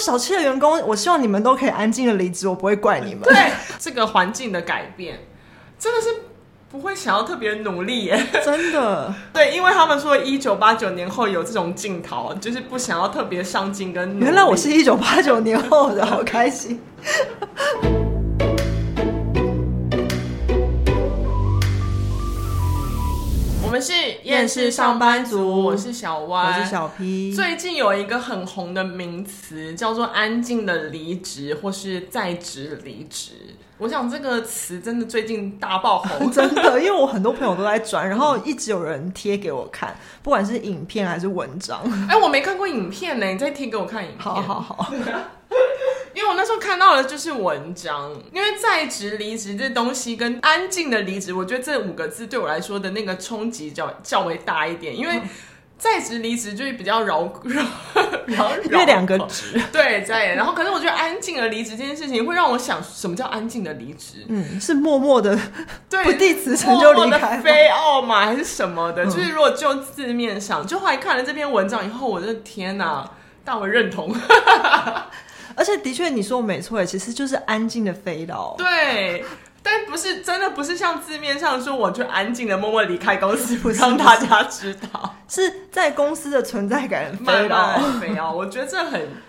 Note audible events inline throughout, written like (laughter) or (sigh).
小氣的員工，我希望你們都可以安靜的離職，我不會怪你們。對，這個環境的改變，真的是不會想要特別努力耶，真的。對，因為他們說一九八九年後有這種勁頭，就是不想要特別上進跟努力。原來我是一九八九年後的，好開心。 (laughs) 我們是厭世上班族，班族，我是小歪，我是小 P。最近有一個很紅的名詞，叫做“安靜的離職”或是“在職離職”。我想這個詞真的最近大爆紅， (laughs) 真的，因為我很多朋友都在轉，然後一直有人貼給我看、嗯，不管是影片還是文章。哎、欸，我沒看過影片呢，你再貼給我看影片。好好好。 (laughs) 我那時候看到的就是文章，因為在職離職這東西跟安靜的離職，我覺得這五個字對我來說的那個衝擊較較為大一點，因為在職離職就是比較饒繞繞，因為兩個職對在，然後可是我覺得安靜的離職這件事情會讓我想什麼叫安靜的離職？嗯，是默默的，不成對不遞辭呈就離開非傲嘛還是什麼的？就是如果就字面上、嗯，就後來看了這篇文章以後，我就天哪，大為認同。 (laughs) 而且的確，你說沒錯，其實就是安靜的飛了。對，但不是真的，不是像字面上說，我就安靜的默默離開公司， (laughs) 不讓大家知道， (laughs) 是在公司的存在感飛了，慢慢飛了，哦。我覺得這很。 (laughs)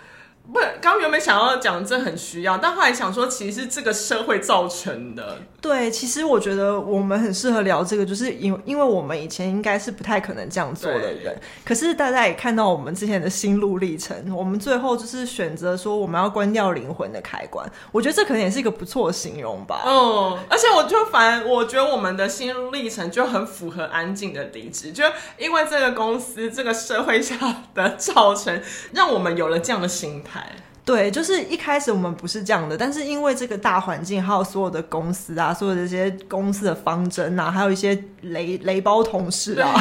不，剛剛原本想要講這很需要，但後來想說，其實這個社會造成的。對，其實我覺得我們很適合聊這個，就是因為因為我們以前應該是不太可能這樣做的人，可是大家也看到我們之前的心路歷程，我們最後就是選擇說我們要關掉靈魂的開關。我覺得這可能也是一個不錯的形容吧。嗯、哦，而且我就反，我覺得我們的心路歷程就很符合安靜的離職，就因為這個公司、這個社會下的造成，讓我們有了這樣的心態。對，就是一開始我們不是這樣的，但是因為這個大環境，還有所有的公司啊，所有這些公司的方針啊，還有一些雷雷包同事啊，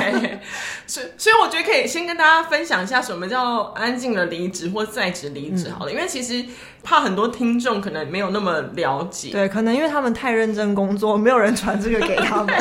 所以所以我覺得可以先跟大家分享一下什麼叫安靜的離職或在職離職，好了，嗯，因為其實怕很多聽眾可能沒有那麼了解，對，可能因為他們太認真工作，沒有人傳這個給他們。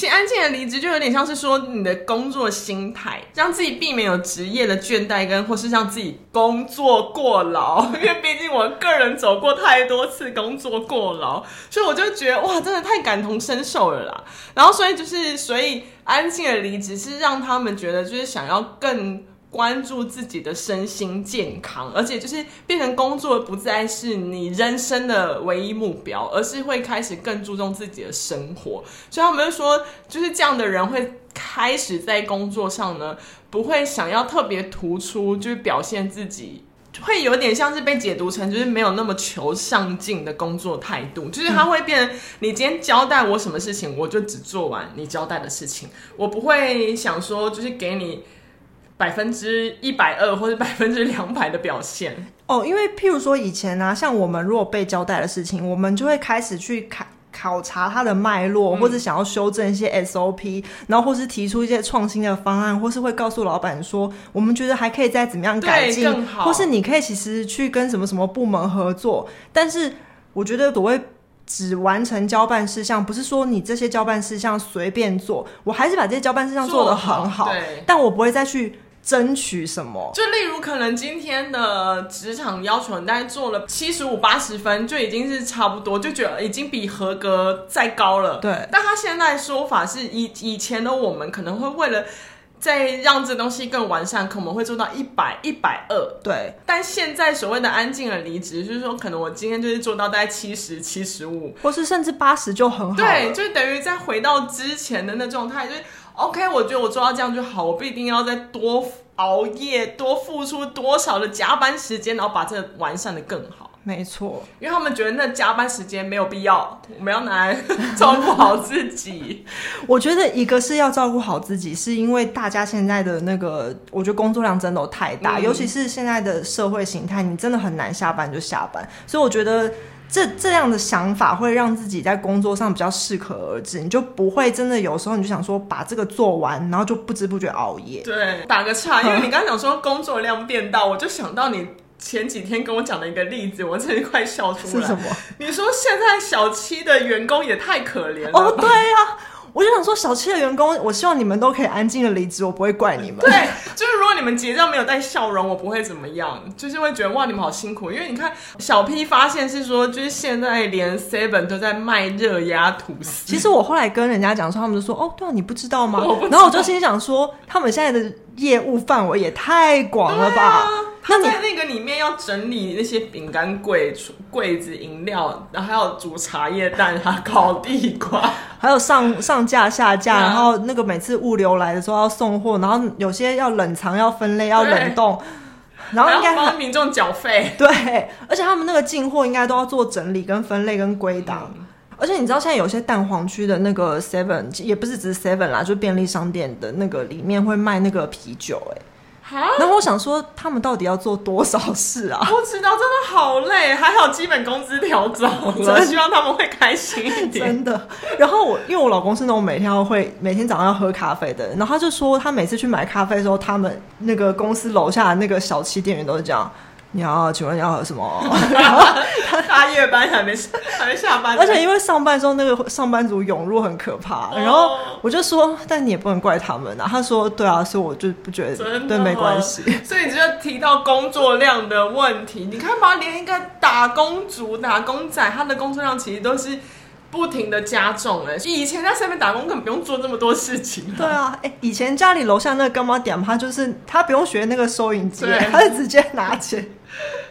其實安靜的離職就有點像是說你的工作心態，讓自己避免有職業的倦怠跟或是讓自己工作過勞。因為畢竟我個人走過太多次工作過勞，所以我就覺得哇，真的太感同身受了啦。然後所以就是，所以安靜的離職是讓他們覺得就是想要更。關注自己的身心健康，而且就是變成工作不再是你人生的唯一目標，而是會開始更注重自己的生活。所以他們就說，就是這樣的人會開始在工作上呢，不會想要特別突出，就是表現自己，會有點像是被解讀成就是沒有那麼求上進的工作態度，就是他會變成、嗯、你今天交代我什麼事情，我就只做完你交代的事情，我不會想說就是給你。百分之一百二或者百分之兩百的表現哦，oh, 因為譬如說以前呢、啊，像我們如果被交代的事情，我們就會開始去考考察它的脈絡，嗯、或是想要修正一些 SOP，然後或是提出一些創新的方案，或是會告訴老闆說，我們覺得還可以再怎麼樣改進，或是你可以其實去跟什麼什麼部門合作。但是我覺得我會只完成交辦事項，不是說你這些交辦事項隨便做，我還是把這些交辦事項做，做得很好，但我不會再去。爭取什麼？就例如，可能今天的職場要求，大概做了七十五八十分就已經是差不多，就覺得已經比合格再高了。對。但他現在說法是以，以以前的我們可能會為了再讓這東西更完善，可能會做到一百一百二。對。但現在所謂的安靜的離職，就是說，可能我今天就是做到大概七十、七十五，或是甚至八十就很好。對，就等於再回到之前的那狀態，就是。OK，我覺得我做到這樣就好，我不一定要再多熬夜，多付出多少的加班時間，然後把這個完善得更好。沒錯，因為他們覺得那加班時間沒有必要，我們要拿來照顧好自己。 (laughs) 我覺得一個是要照顧好自己，是因為大家現在的那個，我覺得工作量真的太大，嗯、尤其是現在的社會形態，你真的很難下班就下班。所以我覺得。這這樣的想法會讓自己在工作上比較適可而止，你就不會真的有時候你就想說把這個做完，然後就不知不覺熬夜。對，打個岔，因、嗯、為你剛才講說工作量變大，我就想到你前幾天跟我講的一個例子，我真的快笑出來。是什麼？你說現在小七的員工也太可憐了。哦，對呀、啊，我就想說小七的員工，我希望你們都可以安靜的離職，我不會怪你們。對，就。你們結賬沒有帶笑容，我不會怎麼樣，就是會覺得哇，你們好辛苦。因為你看，小 P 發現是說，就是現在連 Seven 都在賣熱壓吐司。其實我後來跟人家講說，他們就說哦，對啊，你不知道嗎？我不知道。然後我就心想說，他們現在的業務範圍也太廣了吧？對啊，那……他在那個裡面要整理那些餅乾櫃、櫃子、飲料，然後還要煮茶葉蛋，還烤地瓜。還有上上架、下架，然後那個每次物流來的時候要送貨，然後有些要冷藏，要分類，要冷凍，然後應該幫民眾繳費。對，而且他們那個進貨應該都要做整理跟分類跟歸檔，嗯。而且你知道現在有些蛋黃區的那個 Seven 也不是只是 Seven 啦，就便利商店的那個裡面會賣那個啤酒欸哈，然後我想說，他們到底要做多少事啊？我知道，真的好累。還好基本工資調漲了， (laughs) 真的希望他們會開心一點。 (laughs) 真的。然後我，因為我老公是那種每天要會每天早上要喝咖啡的人，然後他就說，他每次去買咖啡的時候，他們那個公司樓下的那個小氣店員都是這樣。你好、啊，請問你要喝什麼？喔？ (laughs) 他大夜班還沒下還沒下班， (laughs) 而且因為上班時那個上班族湧入很可怕、哦，然後我就說，但你也不能怪他們、啊、他說，對啊，所以我就不覺得對沒關係、哦。所以你只要提到工作量的問題，你看嘛，連一個打工族、打工仔，他的工作量其實都是不停的加重、欸。哎，以前在下面打工根本不用做這麼多事情、啊。對啊，哎、欸，以前家裡樓下那個干媽點，他就是他不用學那個收銀機，他就直接拿錢。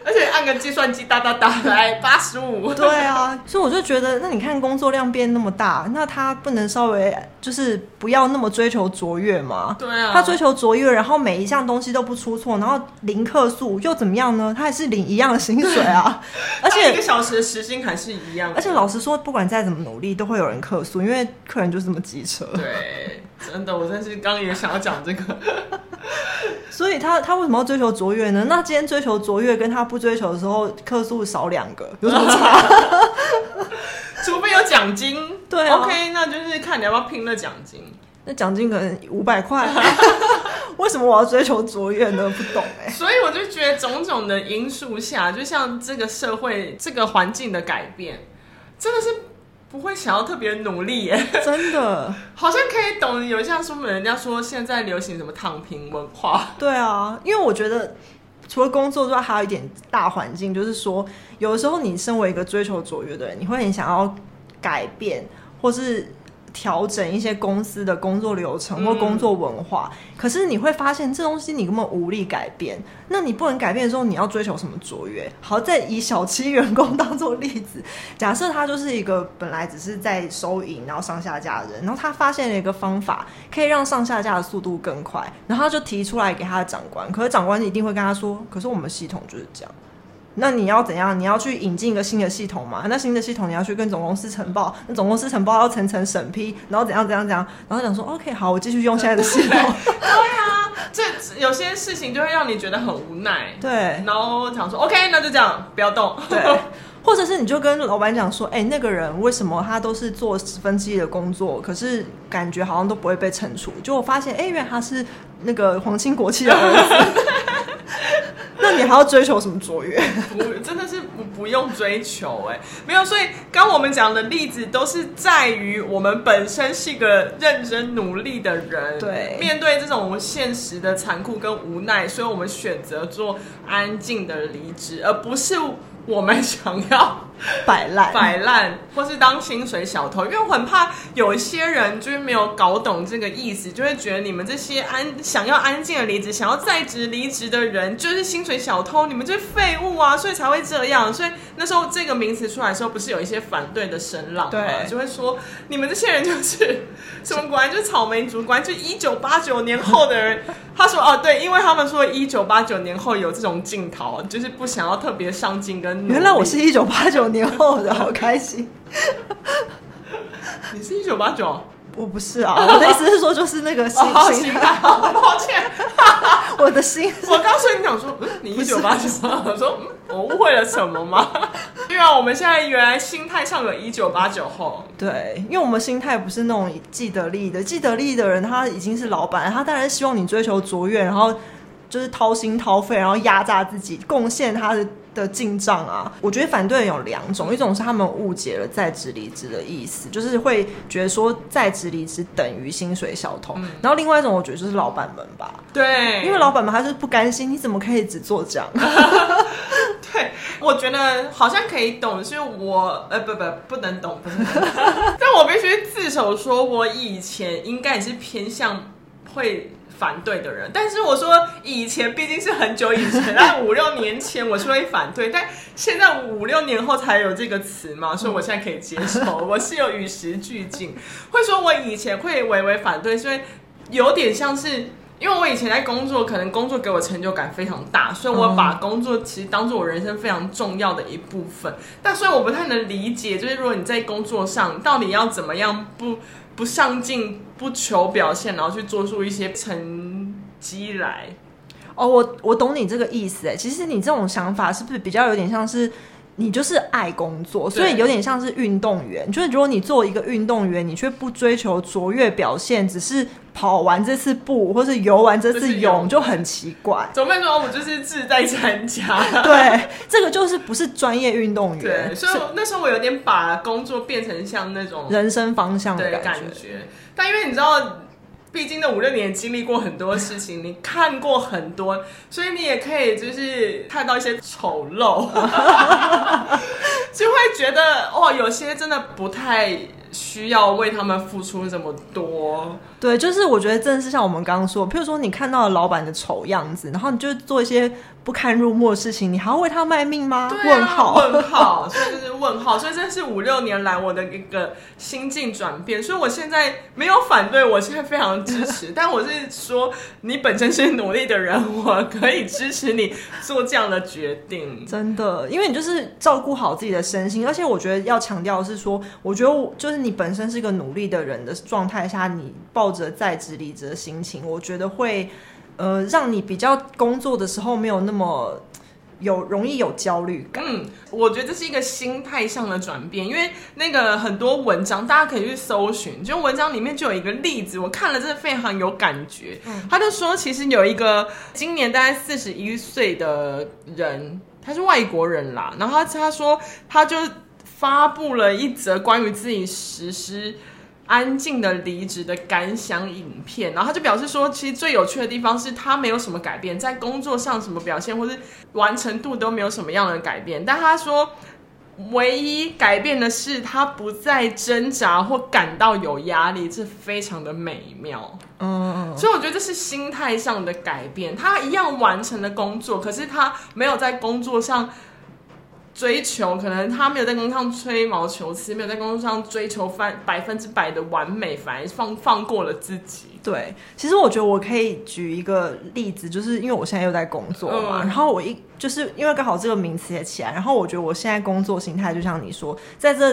而且按個計算機噠噠噠來八十五，對啊，所以我就覺得，那你看工作量變那麼大，那他不能稍微就是不要那麼追求卓越嘛？對啊，他追求卓越，然後每一項東西都不出錯，然後零客訴又怎麼樣呢？他還是領一樣的薪水啊，而且一個小時的時薪還是一樣的。而且老實說，不管再怎麼努力，都會有人客訴，因為客人就是這麼機車。對，真的，我真是剛剛也想要講這個。 (laughs) (laughs) 所以他他為什麼要追求卓越呢、嗯？那今天追求卓越跟他不追求的時候，客數少兩個有什麼差？ (laughs) (laughs) 除非有獎金， (laughs) 對啊，OK，那就是看你要不要拼那獎金。那獎金可能五百塊， (laughs) (laughs) (laughs) 為什麼我要追求卓越呢？不懂哎、欸。 (laughs) 所以我就覺得種種的因素下，就像這個社會、這個環境的改變，真的是。不會想要特別努力耶，真的， (laughs) 好像可以懂有一項說明，人家說現在流行什麼躺平文化 (laughs) 。對啊，因為我覺得除了工作之外，還有一點大環境，就是說有時候你身為一個追求卓越的人，你會很想要改變，或是，調整一些公司的工作流程或工作文化，嗯，可是你會發現這東西你根本無力改變。那你不能改變的時候，你要追求什麼卓越？好，在以小七員工當做例子，假設他就是一個本來只是在收銀然後上下架的人，然後他發現了一個方法可以讓上下架的速度更快，然後他就提出來給他的長官，可是長官一定會跟他說：“可是我們系統就是這樣。”那你要怎樣？你要去引進一個新的系統嘛？那新的系統你要去跟總公司呈報，那總公司呈報要層層審批，然後怎樣怎樣怎樣？然後想說 OK，好，我繼續用現在的系統。 (laughs) (laughs) 對啊，這有些事情就會讓你覺得很無奈。對，然後想說 OK，那就這樣，不要動。 (laughs) 對。或者是你就跟老闆講說，哎、欸，那個人為什麼他都是做十分之一的工作，可是感覺好像都不會被懲處？就我發現，哎、欸，原來他是那個皇親國戚的兒子， (laughs) (laughs) 那你還要追求什麼卓越？不，真的是不不用追求，欸，哎，沒有。所以剛我們講的例子都是在於我們本身是一個認真努力的人，對，面對這種現實的殘酷跟無奈，所以我們選擇做安靜的離職，而、呃、不是。我們想要。擺爛、擺爛，或是當薪水小偷，因為我很怕有一些人就是沒有搞懂這個意思，就會覺得你們這些安想要安靜的離職、想要在職離職的人，就是薪水小偷，你們就是廢物啊，所以才會這樣。所以那時候這個名詞出來的時候，不是有一些反對的聲浪嘛，對，就會說你們這些人就是什麼？果然就是草莓族，果然就一九八九年後的人。 (laughs) 他說哦、啊，對，因為他們說一九八九年後有這種勁頭，就是不想要特別上進跟。原來我是一九八九。年後的，好開心。 (laughs) 你是一九八九，我不是啊。我的意思是說，就是那個心情、 (laughs) 哦。抱歉， (laughs) 我的心。我告訴你，想說你一九八九。我說，我誤會了什麼嗎？對啊，我們現在原來心態像有一九八九後。對，因為我們心態不是那種既得利益的，既得利益的人，他已經是老闆，他當然希望你追求卓越，然後就是掏心掏肺，然後壓榨自己，貢獻他的。的進賬啊，我覺得反對人有兩種，一種是他們誤解了在職離職的意思，就是會覺得說在職離職等於薪水小偷，嗯，然後另外一種我覺得就是老板們吧，對，因為老板們還是不甘心，你怎麼可以只做這樣？ (laughs) (laughs) 對，我覺得好像可以懂，是我呃不不不能懂，不能懂 (laughs) 但我必須自首，說我以前應該也是偏向會。反對的人，但是我說以前畢竟是很久以前，在 (laughs) 五六年前我是會反對，但現在五六年後才有這個詞嘛、嗯，所以我現在可以接受，我是有與時俱進， (laughs) 會說我以前會微微反對，所以有點像是因為我以前在工作，可能工作給我成就感非常大，所以我把工作其實當做我人生非常重要的一部分。嗯、但所以我不太能理解，就是如果你在工作上到底要怎麼樣不。不上進，不求表現，然後去做出一些成績來。哦，我我懂你這個意思誒。其實你這種想法是不是比較有點像是？你就是愛工作，所以有點像是運動員。就是如果你做一個運動員，你卻不追求卓越表現，只是跑完這次步或是游完這次泳，就是泳，泳，就很奇怪。總被說，我就是志在參加。對，這個就是不是專業運動員。對，所以那時候我有點把工作變成像那種人生方向的感覺。感覺。但因為你知道。畢竟這五六年經歷過很多事情，你看過很多，所以你也可以就是看到一些醜陋， (laughs) 就會覺得哦，有些真的不太需要為他們付出這麼多。對，就是我覺得真的是像我們剛剛說，譬如說你看到了老闆的醜樣子，然後你就做一些不堪入目的事情，你還要為他賣命嗎？對啊、問號 (laughs) 問號，所以這是問號，所以這是五六年來我的一個心境轉變。所以我現在沒有反對，我現在非常支持，但我是說你本身是努力的人，我可以支持你做這樣的決定， (laughs) 真的，因為你就是照顧好自己的身心，而且我覺得要強調的是說，我覺得我就是你本身是一個努力的人的狀態下，你抱。者在職離職的心情，我覺得會呃，讓你比較工作的時候沒有那麼有容易有焦慮感。嗯，我覺得這是一個心態上的轉變，因為那個很多文章大家可以去搜尋，就文章裡面就有一個例子，我看了真的非常有感覺。嗯，他就說其實有一個今年大概四十一歲的人，他是外國人啦，然後他說他就發布了一則關於自己實施。安靜的離職的感想影片，然後他就表示說，其實最有趣的地方是他沒有什麼改變，在工作上什麼表現或是完成度都沒有什麼樣的改變，但他說唯一改變的是他不再掙扎或感到有壓力，這非常的美妙。嗯，所以我覺得這是心態上的改變，他一樣完成了工作，可是他沒有在工作上。追求，可能他沒有在工作上吹毛求疵，沒有在工作上追求翻百分之百的完美，反而放放過了自己。對，其實我覺得我可以舉一個例子，就是因為我現在又在工作嘛，嗯、然後我一就是因為剛好這個名詞也起來，然後我覺得我現在工作心態就像你說，在這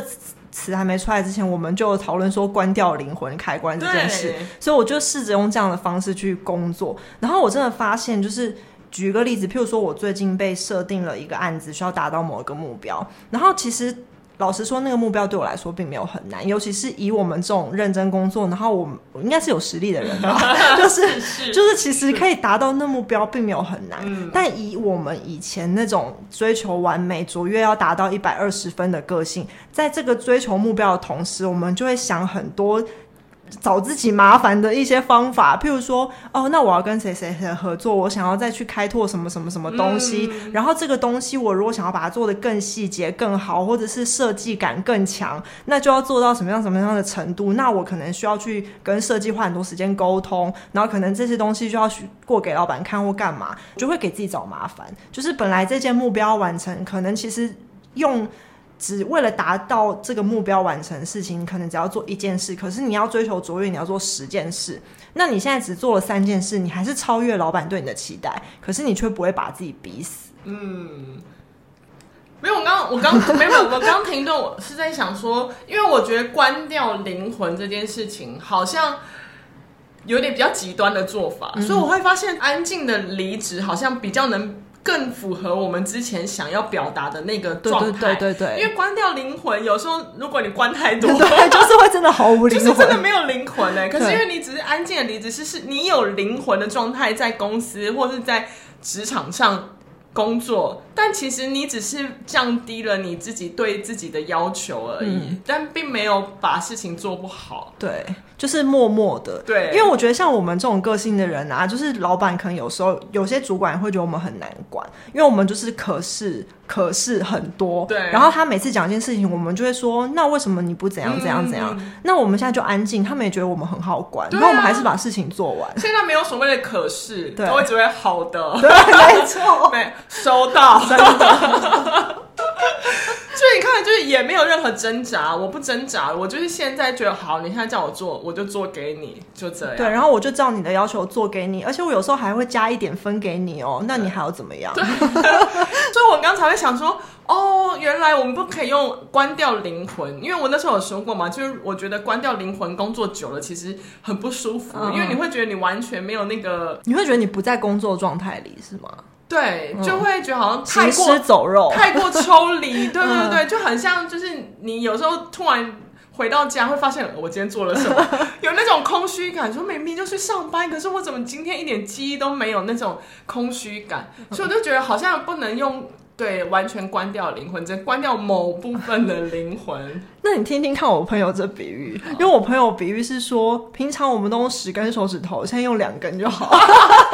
詞還沒出來之前，我們就討論說關掉靈魂開關這件事，所以我就試着用這樣的方式去工作，然後我真的發現就是。舉個例子，譬如說，我最近被設定了一個案子，需要達到某一個目標。然後，其實老實說，那個目標對我來說並沒有很難，尤其是以我們這種認真工作，然後我，我應該是有實力的人就是 (laughs) (laughs) 就是，就是、其實可以達到那個目標，並沒有很難。但以我們以前那種追求完美、卓越，要達到一百二十分的個性，在這個追求目標的同時，我們就會想很多。找自己麻煩的一些方法，譬如說，哦，那我要跟誰誰誰合作，我想要再去開拓什麼什麼什麼東西。嗯。然後這個東西，我如果想要把它做得更細節、更好，或者是設計感更強，那就要做到什麼樣、什麼樣的程度？那我可能需要去跟設計花很多時間溝通，然後可能這些東西就要去過給老闆看或幹嘛，就會給自己找麻煩。就是本來這件目標要完成，可能其實用。只為了達到這個目標完成事情，可能只要做一件事；可是你要追求卓越，你要做十件事。那你現在只做了三件事，你還是超越老闆對你的期待，可是你卻不會把自己逼死。嗯，沒有，我剛我剛沒有，我剛停頓，我 (laughs) 是在想說，因為我覺得關掉靈魂這件事情好像有點比較極端的做法，嗯、所以我會發現安靜的離職好像比較能。更符合我們之前想要表達的那個狀態，對對，對對對對，因為關掉靈魂，有時候如果你關太多，對、對、對，就是會真的毫無靈魂，就是真的沒有靈魂呢、欸。可是因為你只是安靜的離職，是是你有靈魂的狀態，在公司或是在職場上工作。但其實你只是降低了你自己對自己的要求而已，嗯，但並沒有把事情做不好。對，就是默默的。對，因為我覺得像我們這種個性的人啊，就是老板可能有時候有些主管會覺得我們很難管，因為我們就是可是可是很多。對。然後他每次講一件事情，我們就會說：“那為什麼你不怎樣怎樣怎樣？”嗯、那我們現在就安靜，他們也覺得我們很好管，那、啊、我們還是把事情做完。現在沒有所謂的可是，對，我只會覺得好的。對，沒錯， (laughs) 沒收到。所 (laughs) 以 (laughs) (laughs) 你看，就是也沒有任何掙扎，我不掙扎，我就是現在覺得好，你現在叫我做，我就做給你，就這樣。對，然後我就照你的要求做給你，而且我有時候還會加一點分給你哦、喔。那你還要怎麼樣？嗯、 (laughs) (laughs) 所以我剛才會想說，哦，原來我們不可以用關掉靈魂，因為我那時候有說過嘛，就是我覺得關掉靈魂工作久了其實很不舒服、嗯，因為你會覺得你完全沒有那個，你會覺得你不在工作狀態裡，是嗎？對、嗯，就會覺得好像太過行屍走肉，太過抽離。 (laughs) 對對對、嗯、就很像就是你有時候突然回到家，會發現我今天做了什麼，嗯、有那種空虛感。嗯、說明明就是上班，可是我怎麼今天一點記憶都沒有？那種空虛感，所以我就覺得好像不能用對完全關掉靈魂，只關掉某部分的靈魂。那你聽聽看我朋友這比喻、嗯，因為我朋友比喻是說，平常我們都用十根手指頭，現在用兩根就好。 (laughs)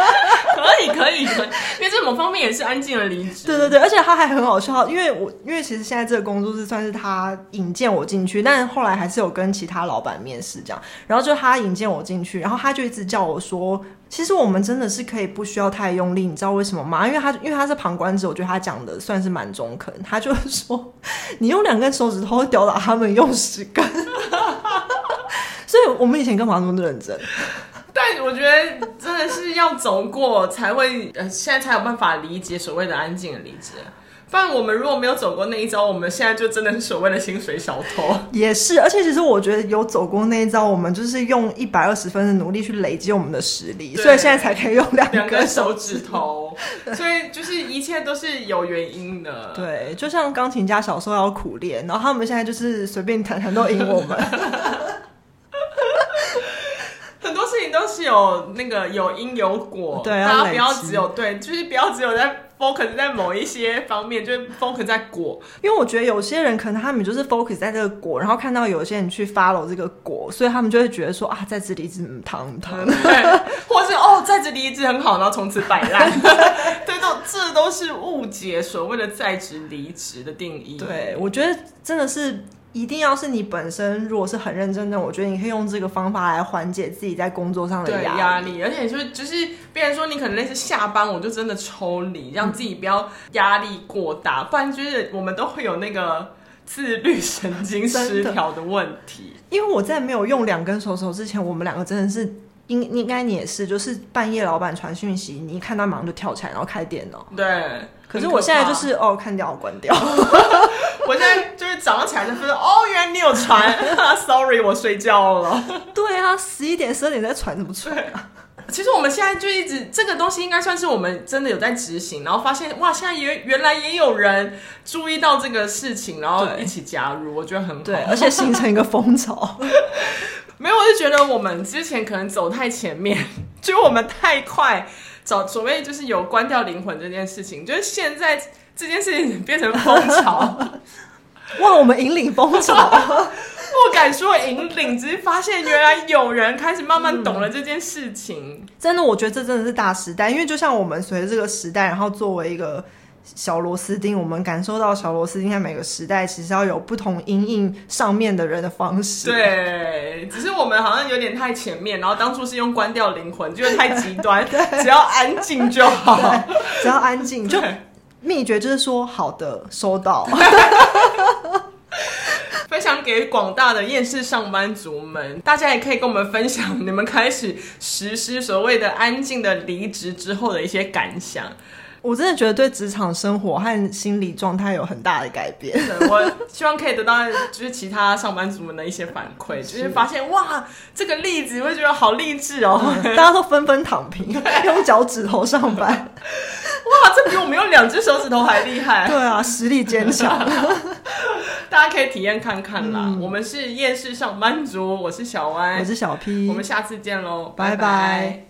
(laughs) 可以可以的，因為這某方面也是安靜的離職。 (laughs) 對對對，而且他還很好笑，因為我因為其實現在這個工作是算是他引薦我進去，但後來還是有跟其他老板面試這樣。然後就他引薦我進去，然後他就一直叫我說，其實我們真的是可以不需要太用力，你知道為什麼嗎？因為他因為他是旁觀者，我覺得他講的算是蠻中肯。他就說，你用兩根手指頭會吊打他們用十根。 (laughs) 所以我們以前幹嘛那麼認真？我覺得真的是要走過才會，呃，現在才有辦法理解所謂的安靜離職。不然我們如果沒有走過那一招，我們現在就真的是所謂的薪水小偷。也是，而且其實我覺得有走過那一招，我們就是用一百二十分的努力去累積我們的實力，所以現在才可以用兩個，個手指頭。所以就是一切都是有原因的。對，就像鋼琴家小時候要苦練，然後他們現在就是隨便彈彈都贏我們。 (laughs) 都是有那個有因有果，對啊，不要只有要對，就是不要只有在 focus 在某一些方面，就是 focus 在果，因為我覺得有些人可能他們就是 focus 在這個果，然後看到有些人去 follow 這個果，所以他們就會覺得說啊，在職離職很疼很疼，嗯、對 (laughs) 或是哦，在職離職很好，然後從此擺爛， (laughs) 對，這這都是誤解所謂的在職離職的定義。對，我覺得真的是。一定要是你本身，如果是很認真的，我覺得你可以用這個方法來緩解自己在工作上的壓力。對，壓力，而且就是就是，別人說你可能類似下班，我就真的抽離、嗯，讓自己不要壓力過大，不然就是我們都會有那個自律神經失調的問題。因為我在沒有用兩根手手之前，我們兩個真的是。應應該你也是，就是半夜老闆傳訊息，你一看他，馬上就跳起來，然後開電腦。對，可是我現在就是哦，看掉，關掉。 (laughs) (laughs) 我現在就是早上起來就是 (laughs) 哦，原來你有傳 (laughs) ，Sorry，我睡覺了。 (laughs) 對啊，十一點十二點在傳怎麼睡啊？其實我們現在就一直這個東西，應該算是我們真的有在執行，然後發現哇，現在原原來也有人注意到這個事情，然後一起加入，我覺得很好，對，而且形成一個風潮。 (laughs) 沒有，我就覺得我們之前可能走太前面，就我們太快找所謂就是有關掉靈魂這件事情，就是現在這件事情變成風潮，哇，我們引領風潮，不 (laughs) 敢說引領，只是發現原來有人開始慢慢懂了這件事情。嗯，真的，我覺得這真的是大時代，因為就像我們隨着這個時代，然後作為一個。小螺絲釘，我們感受到小螺絲釘在每個時代其實要有不同因應上面的人的方式。對，只是我們好像有點太前面，然後當初是用關掉靈魂，覺得太極端，對，只要安靜就好，只要安靜。就祕訣就是說，好的，收到， (laughs) 分享給廣大的厭世上班族們，大家也可以跟我們分享你們開始實施所謂的安靜的離職之後的一些感想。我真的覺得對職場生活和心理狀態有很大的改變的。我希望可以得到就是其他上班族們的一些反饋， (laughs) 就是發現哇，這個例子我覺得好勵志哦、嗯！大家都紛紛躺平， (laughs) 用腳趾頭上班。 (laughs) 哇，這比我們用兩只手指頭還厲害！啊！對啊，實力堅強 (laughs) (laughs) 大家可以體驗看看啦，嗯。我們是厭世上班族，我是小 Y，我是小 P。我們下次見嘍，拜拜。Bye bye